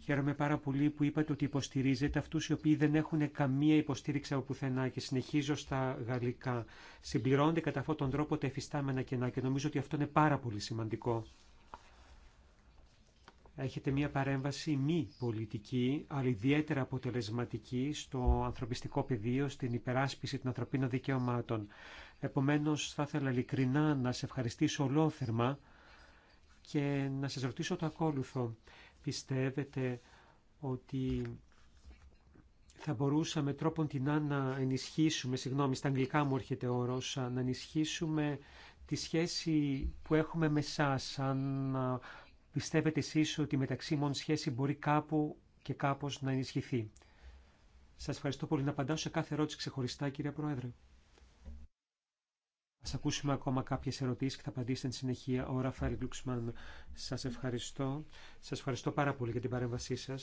Χαίρομαι πάρα πολύ που είπατε ότι υποστηρίζετε αυτούς οι οποίοι δεν έχουν καμία υποστήριξη από πουθενά και συνεχίζω στα γαλλικά. Συμπληρώνονται κατά αυτόν τον τρόπο τα εφιστάμενα κενά και νομίζω ότι αυτό είναι πάρα πολύ σημαντικό. Έχετε μία παρέμβαση μη πολιτική, αλλά ιδιαίτερα αποτελεσματική στο ανθρωπιστικό πεδίο, στην υπεράσπιση των ανθρωπίνων δικαιωμάτων. Επομένως, θα ήθελα ειλικρινά να σε ευχαριστήσω ολόθερμα και να σας ρωτήσω το ακόλουθο. Πιστεύετε ότι θα μπορούσαμε τρόπον την να ενισχύσουμε, συγγνώμη, στα αγγλικά μου έρχεται να ενισχύσουμε τη σχέση που έχουμε με εσάς, αν πιστεύετε εσείς ότι μεταξύ μόνο σχέση μπορεί κάπου και κάπως να ενισχυθεί. Σας ευχαριστώ πολύ να απαντάω σε κάθε ερώτηση ξεχωριστά, κύριε Πρόεδρε. Θα ακούσουμε ακόμα κάποιε ερωτήσει και θα απαντήσετε στην συνεχεία. Ο Ραφαήλ Γκλουξμάν, σα ευχαριστώ. Σα ευχαριστώ πάρα πολύ για την παρέμβασή σα.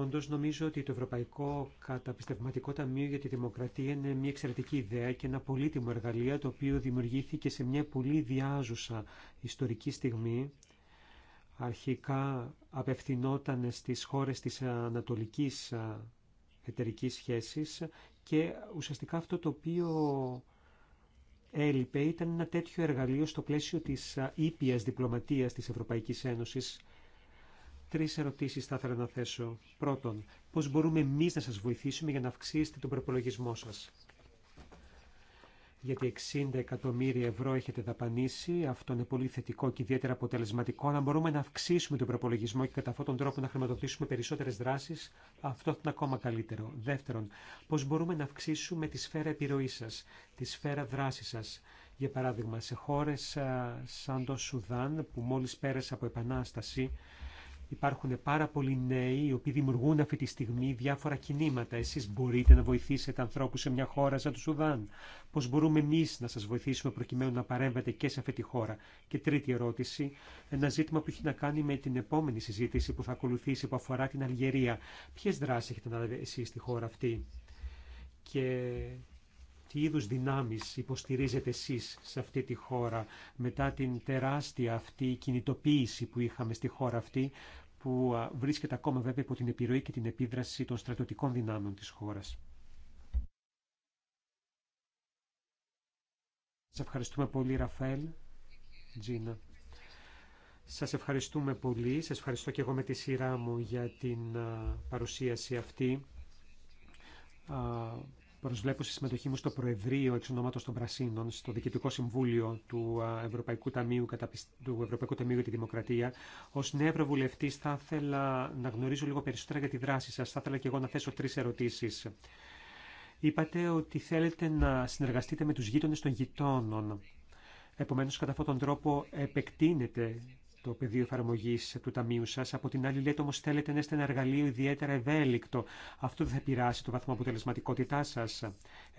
Όντω, νομίζω ότι το Ευρωπαϊκό Καταπιστευματικό Ταμείο για τη Δημοκρατία είναι μια εξαιρετική ιδέα και ένα πολύτιμο εργαλείο το οποίο δημιουργήθηκε σε μια πολύ διάζουσα ιστορική στιγμή. Αρχικά απευθυνόταν στις χώρες της ανατολικής εταιρικής σχέσης και ουσιαστικά αυτό το οποίο έλειπε ήταν ένα τέτοιο εργαλείο στο πλαίσιο της ήπιας διπλωματίας της Ευρωπαϊκής Ένωσης. Τρεις ερωτήσεις θα ήθελα να θέσω. Πρώτον, πώς μπορούμε εμείς να σας βοηθήσουμε για να αυξήσετε τον προπολογισμό σας γιατί 60 εκατομμύρια ευρώ έχετε δαπανίσει. Αυτό είναι πολύ θετικό και ιδιαίτερα αποτελεσματικό. Να μπορούμε να αυξήσουμε τον προπολογισμό και κατά αυτόν τον τρόπο να χρηματοδοτήσουμε περισσότερε δράσει, αυτό θα είναι ακόμα καλύτερο. Δεύτερον, πώ μπορούμε να αυξήσουμε τη σφαίρα επιρροή σα, τη σφαίρα δράση σα. Για παράδειγμα, σε χώρε σαν το Σουδάν, που μόλι πέρασε από επανάσταση, Υπάρχουν πάρα πολλοί νέοι οι οποίοι δημιουργούν αυτή τη στιγμή διάφορα κινήματα. Εσείς μπορείτε να βοηθήσετε ανθρώπους σε μια χώρα σαν το Σουδάν. Πώς μπορούμε εμείς να σας βοηθήσουμε προκειμένου να παρέμβετε και σε αυτή τη χώρα. Και τρίτη ερώτηση, ένα ζήτημα που έχει να κάνει με την επόμενη συζήτηση που θα ακολουθήσει που αφορά την Αλγερία. Ποιες δράσεις έχετε να δείτε εσείς στη χώρα αυτή και τι είδους δυνάμεις υποστηρίζετε εσείς σε αυτή τη χώρα μετά την τεράστια αυτή κινητοποίηση που είχαμε στη χώρα αυτή που βρίσκεται ακόμα βέβαια υπό την επιρροή και την επίδραση των στρατιωτικών δυνάμεων της χώρας. Σας ευχαριστούμε πολύ Ραφαέλ, Τζίνα. Σας ευχαριστούμε πολύ. Σας ευχαριστώ και εγώ με τη σειρά μου για την παρουσίαση αυτή Προσβλέπω στη συμμετοχή μου στο Προεδρείο εξ ονόματος των Πρασίνων, στο Διοικητικό Συμβούλιο του Ευρωπαϊκού Ταμείου, του Ευρωπαϊκού Ταμείου για τη Δημοκρατία. Ω νέο Ευρωβουλευτή, θα ήθελα να γνωρίζω λίγο περισσότερα για τη δράση σα. Θα ήθελα και εγώ να θέσω τρει ερωτήσει. Είπατε ότι θέλετε να συνεργαστείτε με του γείτονε των γειτόνων. Επομένω, κατά αυτόν τον τρόπο επεκτείνεται το πεδίο εφαρμογή του Ταμείου σα. Από την άλλη, λέτε όμω θέλετε να είστε ένα εργαλείο ιδιαίτερα ευέλικτο. Αυτό δεν θα επηρεάσει το βαθμό αποτελεσματικότητά σα.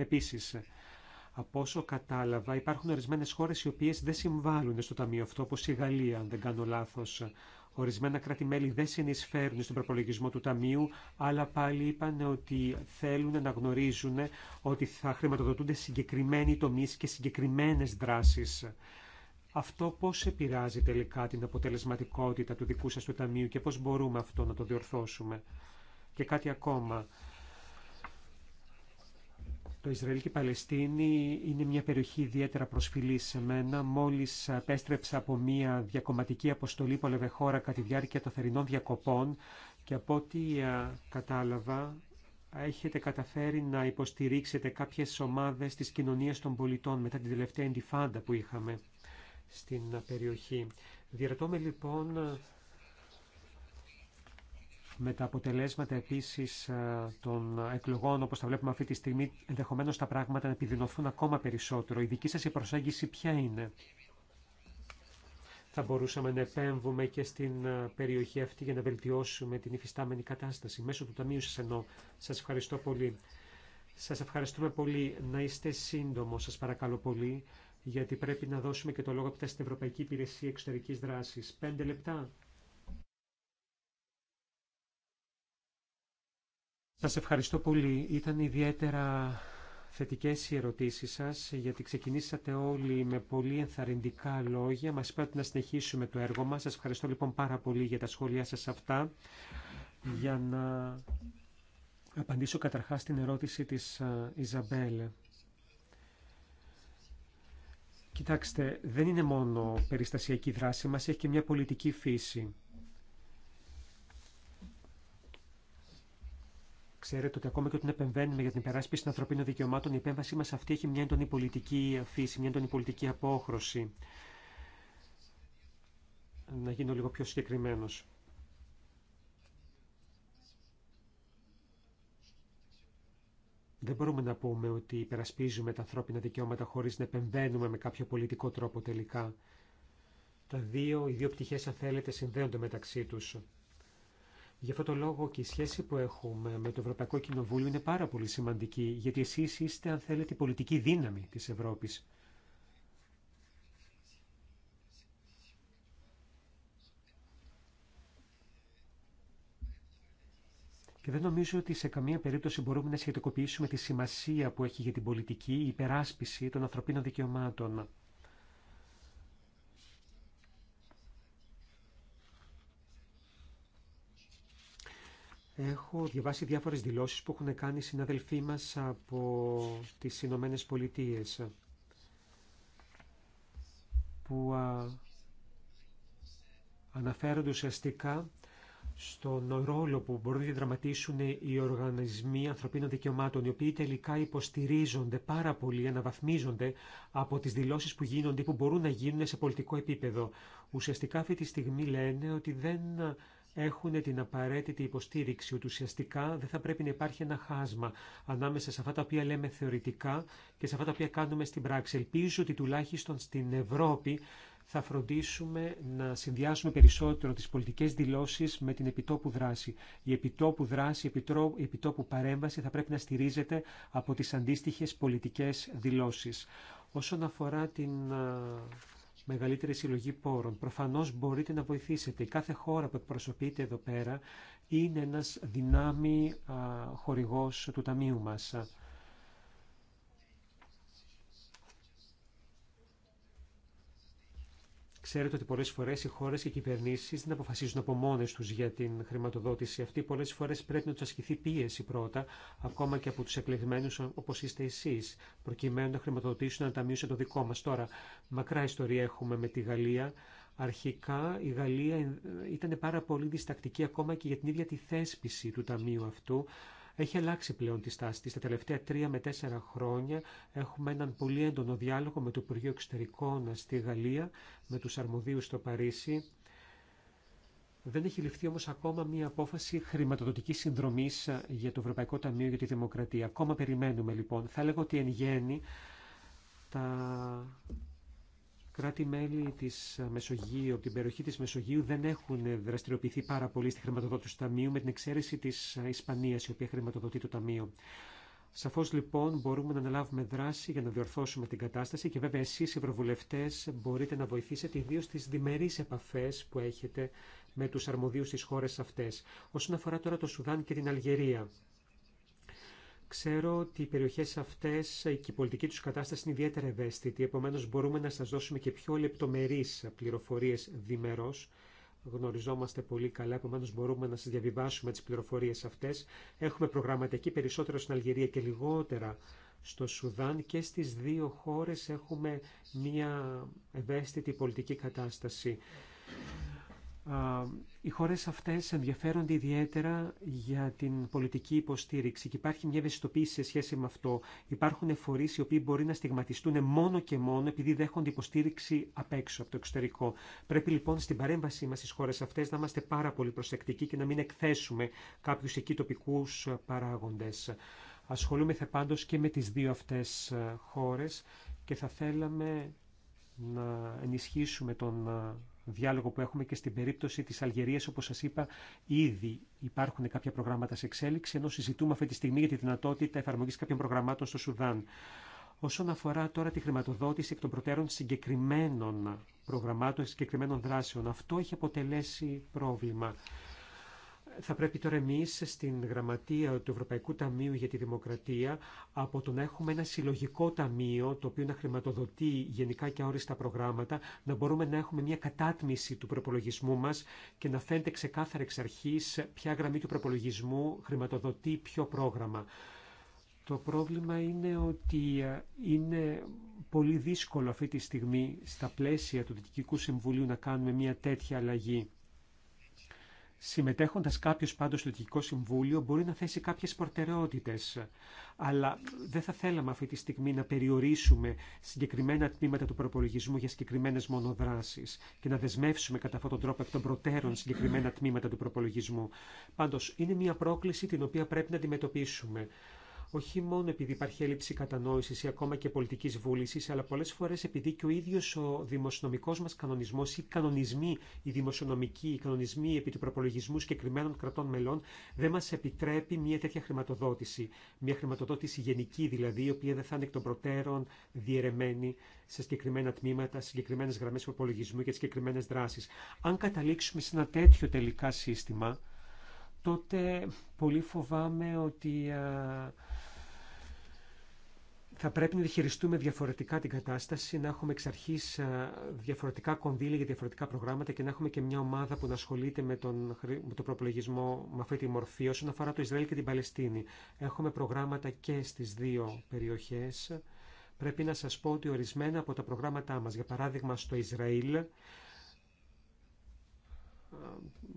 Επίση, από όσο κατάλαβα, υπάρχουν ορισμένε χώρε οι οποίε δεν συμβάλλουν στο Ταμείο αυτό, όπω η Γαλλία, αν δεν κάνω λάθο. Ορισμένα κράτη-μέλη δεν συνεισφέρουν στον προπολογισμό του Ταμείου, αλλά πάλι είπαν ότι θέλουν να γνωρίζουν ότι θα χρηματοδοτούνται συγκεκριμένοι τομεί και συγκεκριμένε δράσει αυτό πώς επηρεάζει τελικά την αποτελεσματικότητα του δικού σας του Ταμείου και πώς μπορούμε αυτό να το διορθώσουμε. Και κάτι ακόμα. Το Ισραήλ και η Παλαιστίνη είναι μια περιοχή ιδιαίτερα προσφυλή σε μένα. Μόλι επέστρεψα από μια διακομματική αποστολή που έλεγε χώρα κατά τη διάρκεια των θερινών διακοπών και από ό,τι ε, κατάλαβα, έχετε καταφέρει να υποστηρίξετε κάποιε ομάδε τη κοινωνία των πολιτών μετά την τελευταία εντιφάντα που είχαμε στην περιοχή. Διερωτώμε λοιπόν με τα αποτελέσματα επίσης ε, των εκλογών όπως τα βλέπουμε αυτή τη στιγμή ενδεχομένως τα πράγματα να επιδεινωθούν ακόμα περισσότερο. Η δική σας η προσέγγιση ποια είναι. Θα μπορούσαμε να επέμβουμε και στην ε, περιοχή αυτή για να βελτιώσουμε την υφιστάμενη κατάσταση μέσω του Ταμείου σας ενώ. Σας ευχαριστώ πολύ. Σας ευχαριστούμε πολύ. Να είστε σύντομο, σας παρακαλώ πολύ, γιατί πρέπει να δώσουμε και το λόγο τα στην Ευρωπαϊκή Υπηρεσία Εξωτερικής Δράσης. Πέντε λεπτά. Σας ευχαριστώ πολύ. Ήταν ιδιαίτερα θετικές οι ερωτήσεις σας, γιατί ξεκινήσατε όλοι με πολύ ενθαρρυντικά λόγια. Μας είπατε να συνεχίσουμε το έργο μας. Σας ευχαριστώ λοιπόν πάρα πολύ για τα σχόλιά σας αυτά. Για να απαντήσω καταρχάς στην ερώτηση της ε, Ιζαμπέλ. Κοιτάξτε, δεν είναι μόνο περιστασιακή δράση μας, έχει και μια πολιτική φύση. Ξέρετε ότι ακόμα και όταν επεμβαίνουμε για την υπεράσπιση των ανθρωπίνων δικαιωμάτων, η επέμβασή μας αυτή έχει μια έντονη πολιτική φύση, μια έντονη πολιτική απόχρωση. Να γίνω λίγο πιο συγκεκριμένος. Δεν μπορούμε να πούμε ότι υπερασπίζουμε τα ανθρώπινα δικαιώματα χωρίς να επεμβαίνουμε με κάποιο πολιτικό τρόπο τελικά. Τα δύο, οι δύο πτυχές αν θέλετε συνδέονται μεταξύ τους. Γι' αυτό το λόγο και η σχέση που έχουμε με το Ευρωπαϊκό Κοινοβούλιο είναι πάρα πολύ σημαντική, γιατί εσείς είστε αν θέλετε η πολιτική δύναμη της Ευρώπης. Και δεν νομίζω ότι σε καμία περίπτωση μπορούμε να σχετικοποιήσουμε τη σημασία που έχει για την πολιτική η υπεράσπιση των ανθρωπίνων δικαιωμάτων. Έχω διαβάσει διάφορες δηλώσεις που έχουν κάνει συναδελφοί μας από τις Ηνωμένε Πολιτείε. που αναφέρονται ουσιαστικά στον ρόλο που μπορούν να διαδραματίσουν οι οργανισμοί ανθρωπίνων δικαιωμάτων, οι οποίοι τελικά υποστηρίζονται πάρα πολύ, αναβαθμίζονται από τις δηλώσεις που γίνονται ή που μπορούν να γίνουν σε πολιτικό επίπεδο. Ουσιαστικά αυτή τη στιγμή λένε ότι δεν έχουν την απαραίτητη υποστήριξη, ότι ουσιαστικά δεν θα πρέπει να υπάρχει ένα χάσμα ανάμεσα σε αυτά τα οποία λέμε θεωρητικά και σε αυτά τα οποία κάνουμε στην πράξη. Ελπίζω ότι τουλάχιστον στην Ευρώπη θα φροντίσουμε να συνδυάσουμε περισσότερο τις πολιτικές δηλώσεις με την επιτόπου δράση. Η επιτόπου δράση, η επιτόπου παρέμβαση θα πρέπει να στηρίζεται από τις αντίστοιχες πολιτικές δηλώσεις. Όσον αφορά την μεγαλύτερη συλλογή πόρων, προφανώς μπορείτε να βοηθήσετε. κάθε χώρα που εκπροσωπείτε εδώ πέρα είναι ένας δυνάμει χορηγός του Ταμείου μας. Ξέρετε ότι πολλέ φορέ οι χώρε και οι κυβερνήσει δεν αποφασίζουν από μόνε του για την χρηματοδότηση αυτή. Πολλέ φορέ πρέπει να του ασκηθεί πίεση πρώτα, ακόμα και από του εκλεγμένου όπω είστε εσεί, προκειμένου να χρηματοδοτήσουν ένα ταμείο το δικό μα. Τώρα, μακρά ιστορία έχουμε με τη Γαλλία. Αρχικά η Γαλλία ε, ήταν πάρα πολύ διστακτική ακόμα και για την ίδια τη θέσπιση του ταμείου αυτού έχει αλλάξει πλέον τη στάση της. Τα τελευταία τρία με τέσσερα χρόνια έχουμε έναν πολύ έντονο διάλογο με το Υπουργείο Εξωτερικών στη Γαλλία, με τους αρμοδίους στο Παρίσι. Δεν έχει ληφθεί όμως ακόμα μία απόφαση χρηματοδοτικής συνδρομής ε, για το Ευρωπαϊκό Ταμείο για τη Δημοκρατία. Ακόμα περιμένουμε λοιπόν. Θα λέγω ότι εν γέννη τα κράτη-μέλη της Μεσογείου, από την περιοχή της Μεσογείου δεν έχουν δραστηριοποιηθεί πάρα πολύ στη χρηματοδότηση του Ταμείου με την εξαίρεση της Ισπανίας η οποία χρηματοδοτεί το Ταμείο. Σαφώς λοιπόν μπορούμε να αναλάβουμε δράση για να διορθώσουμε την κατάσταση και βέβαια εσείς οι ευρωβουλευτές μπορείτε να βοηθήσετε ιδίως στις διμερείς επαφές που έχετε με τους αρμοδίους στις χώρες αυτές. Όσον αφορά τώρα το Σουδάν και την Αλγερία, Ξέρω ότι οι περιοχές αυτές και η πολιτική του κατάσταση είναι ιδιαίτερα ευαίσθητη, Επομένω μπορούμε να σας δώσουμε και πιο λεπτομερεί πληροφορίες διμερώς. Γνωριζόμαστε πολύ καλά, επομένω μπορούμε να σας διαβιβάσουμε τις πληροφορίες αυτές. Έχουμε προγραμματική περισσότερο στην Αλγερία και λιγότερα στο Σουδάν και στις δύο χώρες έχουμε μια ευαίσθητη πολιτική κατάσταση οι χώρες αυτές ενδιαφέρονται ιδιαίτερα για την πολιτική υποστήριξη και υπάρχει μια ευαισθητοποίηση σε σχέση με αυτό. Υπάρχουν φορείς οι οποίοι μπορεί να στιγματιστούν μόνο και μόνο επειδή δέχονται υποστήριξη απ' έξω, από το εξωτερικό. Πρέπει λοιπόν στην παρέμβασή μας στις χώρες αυτές να είμαστε πάρα πολύ προσεκτικοί και να μην εκθέσουμε κάποιους εκεί τοπικούς παράγοντες. Ασχολούμεθα πάντως και με τις δύο αυτές ε, χώρες και θα θέλαμε να ενισχύσουμε τον ε, διάλογο που έχουμε και στην περίπτωση της Αλγερίας, όπως σας είπα, ήδη υπάρχουν κάποια προγράμματα σε εξέλιξη, ενώ συζητούμε αυτή τη στιγμή για τη δυνατότητα εφαρμογής κάποιων προγραμμάτων στο Σουδάν. Όσον αφορά τώρα τη χρηματοδότηση εκ των προτέρων συγκεκριμένων προγραμμάτων, συγκεκριμένων δράσεων, αυτό έχει αποτελέσει πρόβλημα θα πρέπει τώρα εμεί στην γραμματεία του Ευρωπαϊκού Ταμείου για τη Δημοκρατία, από το να έχουμε ένα συλλογικό ταμείο, το οποίο να χρηματοδοτεί γενικά και όριστα προγράμματα, να μπορούμε να έχουμε μια κατάτμιση του προπολογισμού μα και να φαίνεται ξεκάθαρα εξ αρχή ποια γραμμή του προπολογισμού χρηματοδοτεί ποιο πρόγραμμα. Το πρόβλημα είναι ότι ε, είναι πολύ δύσκολο αυτή τη στιγμή στα πλαίσια του Δυτικού Συμβουλίου να κάνουμε μια τέτοια αλλαγή. Συμμετέχοντας κάποιος πάντως στο Λογικό Συμβούλιο μπορεί να θέσει κάποιες προτεραιότητες, αλλά δεν θα θέλαμε αυτή τη στιγμή να περιορίσουμε συγκεκριμένα τμήματα του προπολογισμού για συγκεκριμένες μονοδράσεις και να δεσμεύσουμε κατά αυτόν τον τρόπο εκ των προτέρων συγκεκριμένα τμήματα του προπολογισμού. Πάντως, είναι μια πρόκληση την οποία πρέπει να αντιμετωπίσουμε όχι μόνο επειδή υπάρχει έλλειψη κατανόηση ή ακόμα και πολιτική βούληση, αλλά πολλέ φορέ επειδή και ο ίδιο ο δημοσιονομικό μα κανονισμό ή κανονισμοί, οι δημοσιονομικοί, οι κανονισμοί επί του προπολογισμού συγκεκριμένων κρατών μελών δεν μα επιτρέπει μια τέτοια χρηματοδότηση. Μια χρηματοδότηση γενική δηλαδή, η οποία δεν θα είναι εκ των προτέρων διαιρεμένη σε συγκεκριμένα τμήματα, συγκεκριμένε γραμμέ προπολογισμού και συγκεκριμένε δράσει. Αν καταλήξουμε σε ένα τέτοιο τελικά σύστημα, τότε πολύ φοβάμαι ότι θα πρέπει να διχειριστούμε διαφορετικά την κατάσταση, να έχουμε εξ αρχή διαφορετικά κονδύλια για διαφορετικά προγράμματα και να έχουμε και μια ομάδα που να ασχολείται με τον, με τον προπολογισμό με αυτή τη μορφή. Όσον αφορά το Ισραήλ και την Παλαιστίνη, έχουμε προγράμματα και στι δύο περιοχέ. Πρέπει να σα πω ότι ορισμένα από τα προγράμματά μα, για παράδειγμα στο Ισραήλ,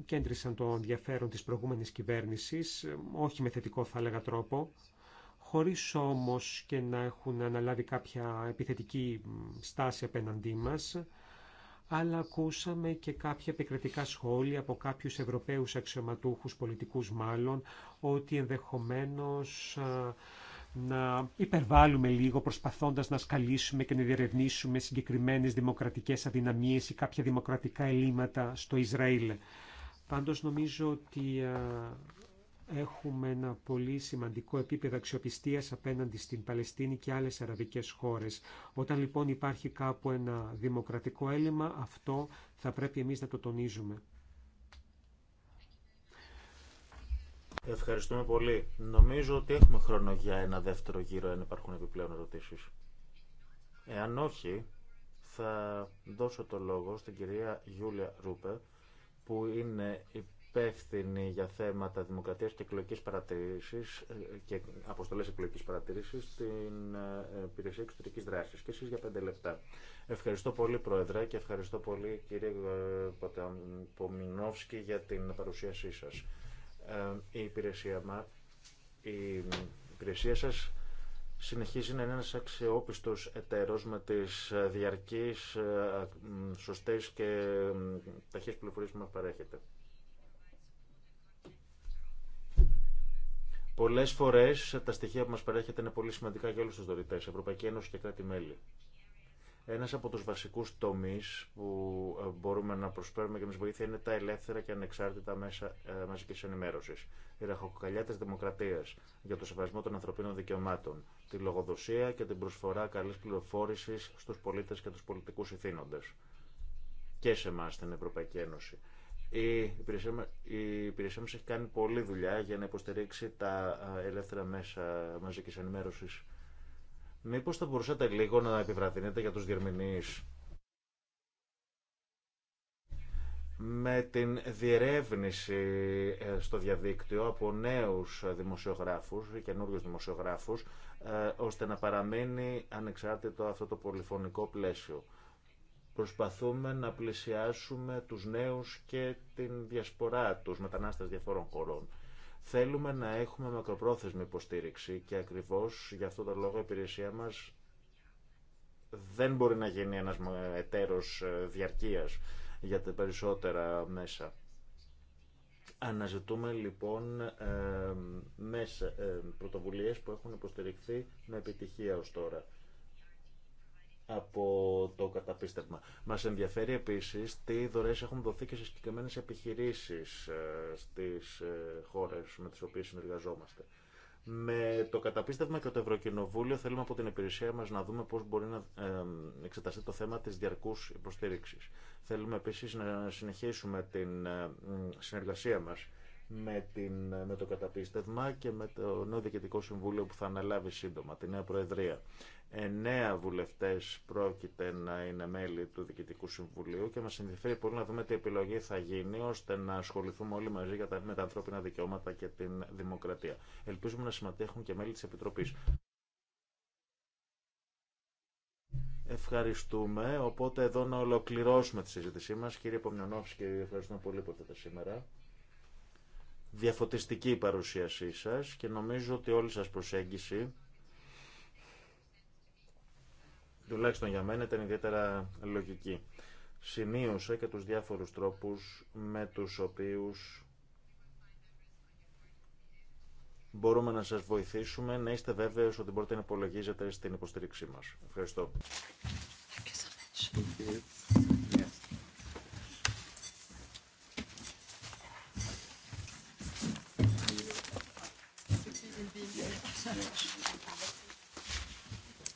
κέντρισαν το ενδιαφέρον της προηγούμενης κυβέρνησης, όχι με θετικό θα έλεγα τρόπο, χωρίς όμως και να έχουν αναλάβει κάποια επιθετική στάση απέναντί μας, αλλά ακούσαμε και κάποια επικριτικά σχόλια από κάποιους Ευρωπαίους αξιωματούχους, πολιτικούς μάλλον, ότι ενδεχομένως να υπερβάλλουμε λίγο προσπαθώντας να σκαλίσουμε και να διερευνήσουμε συγκεκριμένες δημοκρατικές αδυναμίες ή κάποια δημοκρατικά ελλείμματα στο Ισραήλ. Πάντως νομίζω ότι έχουμε ένα πολύ σημαντικό επίπεδο αξιοπιστία απέναντι στην Παλαιστίνη και άλλες αραβικές χώρες. Όταν λοιπόν υπάρχει κάπου ένα δημοκρατικό έλλειμμα, αυτό θα πρέπει εμείς να το τονίζουμε. Ευχαριστούμε πολύ. Νομίζω ότι έχουμε χρόνο για ένα δεύτερο γύρο, αν υπάρχουν επιπλέον ερωτήσει. Εάν όχι, θα δώσω το λόγο στην κυρία Γιούλια Ρούπε, που είναι υπεύθυνη για θέματα δημοκρατίας και εκλογικής παρατήρησης ε, και αποστολές εκλογικής παρατήρησης στην ε, υπηρεσία εξωτερική δράση Και εσεί για πέντε λεπτά. Ευχαριστώ πολύ, Πρόεδρε, και ευχαριστώ πολύ, κύριε ε, Πομινόφσκι, για την παρουσίασή σα. Ε, η υπηρεσία, μα, η υπηρεσία σας συνεχίζει να είναι ένας αξιόπιστος εταίρος με τις ε, διαρκείς, ε, σωστές και ταχύες πληροφορίες που μας παρέχεται. Πολλές φορές τα στοιχεία που μας παρέχεται είναι πολύ σημαντικά για όλους τους δωρητές, Ευρωπαϊκή Ένωση και κράτη-μέλη. Ένας από τους βασικούς τομείς που ε, μπορούμε να προσφέρουμε και μας βοήθεια είναι τα ελεύθερα και ανεξάρτητα μέσα ε, μαζικής ενημέρωσης. Η ραχοκοκαλιά της δημοκρατίας για το σεβασμό των ανθρωπίνων δικαιωμάτων, τη λογοδοσία και την προσφορά καλής πληροφόρησης στους πολίτες και τους πολιτικούς ηθήνοντες. Και σε εμά στην Ευρωπαϊκή Ένωση. Η υπηρεσία, μας έχει κάνει πολλή δουλειά για να υποστηρίξει τα ε, ελεύθερα μέσα μαζικής ενημέρωσης Μήπως θα μπορούσατε λίγο να επιβραδύνετε για τους διερμηνείς. Με την διερεύνηση ε, στο διαδίκτυο από νέους δημοσιογράφους ή καινούριους δημοσιογράφους, ε, ώστε να παραμένει ανεξάρτητο αυτό το πολυφωνικό πλαίσιο. Προσπαθούμε να πλησιάσουμε τους νέους και την διασπορά τους μετανάστες διαφορών χωρών Θέλουμε να έχουμε μακροπρόθεσμη υποστήριξη και ακριβώς για αυτό το λόγο η υπηρεσία μας δεν μπορεί να γίνει ένας εταίρος ε, διαρκείας για τα περισσότερα μέσα. Αναζητούμε λοιπόν ε, μέσα, ε, πρωτοβουλίες που έχουν υποστηριχθεί με επιτυχία ως τώρα από το καταπίστευμα. Μα ενδιαφέρει επίση τι δωρέ έχουν δοθεί και σε συγκεκριμένε επιχειρήσεις ε, στις ε, χώρες με τι οποίε συνεργαζόμαστε. Με το καταπίστευμα και το Ευρωκοινοβούλιο θέλουμε από την υπηρεσία μας να δούμε πώς μπορεί να ε, εξεταστεί το θέμα της διαρκούς υποστήριξης. Θέλουμε επίσης να συνεχίσουμε την συνεργασία μας με, την, με το καταπίστευμα και με το νέο Διοικητικό Συμβούλιο που θα αναλάβει σύντομα, τη Νέα Προεδρία εννέα βουλευτές πρόκειται να είναι μέλη του Διοικητικού Συμβουλίου και μας ενδιαφέρει πολύ να δούμε τι επιλογή θα γίνει ώστε να ασχοληθούμε όλοι μαζί για τα, με τα ανθρώπινα δικαιώματα και την δημοκρατία. Ελπίζουμε να συμμετέχουν και μέλη της Επιτροπής. Ευχαριστούμε. Οπότε εδώ να ολοκληρώσουμε τη συζήτησή μας. Κύριε Πομιονόφσκη, ευχαριστούμε πολύ που ήρθατε σήμερα διαφωτιστική η παρουσίασή σας και νομίζω ότι όλη σας προσέγγιση τουλάχιστον για μένα ήταν ιδιαίτερα λογική. Σημείωσε και τους διάφορους τρόπους με τους οποίους μπορούμε να σας βοηθήσουμε να είστε βέβαιος ότι μπορείτε να υπολογίζετε στην υποστήριξή μας. Ευχαριστώ.